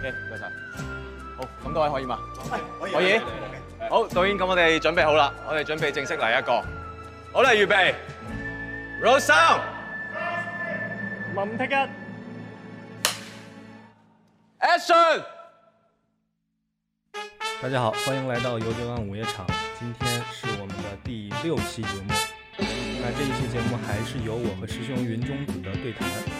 Okay, 唔該晒，好，咁多位可以嘛？可以，好，對導演，咁對我哋準備好啦，我哋準備正式嚟一個，好啦，預備，Rose，林聽一，Action！始大家好，歡迎來到油尖旺午夜場，今天是我們的第六期節目，那這一期節目還是由我和師兄雲中子的對談。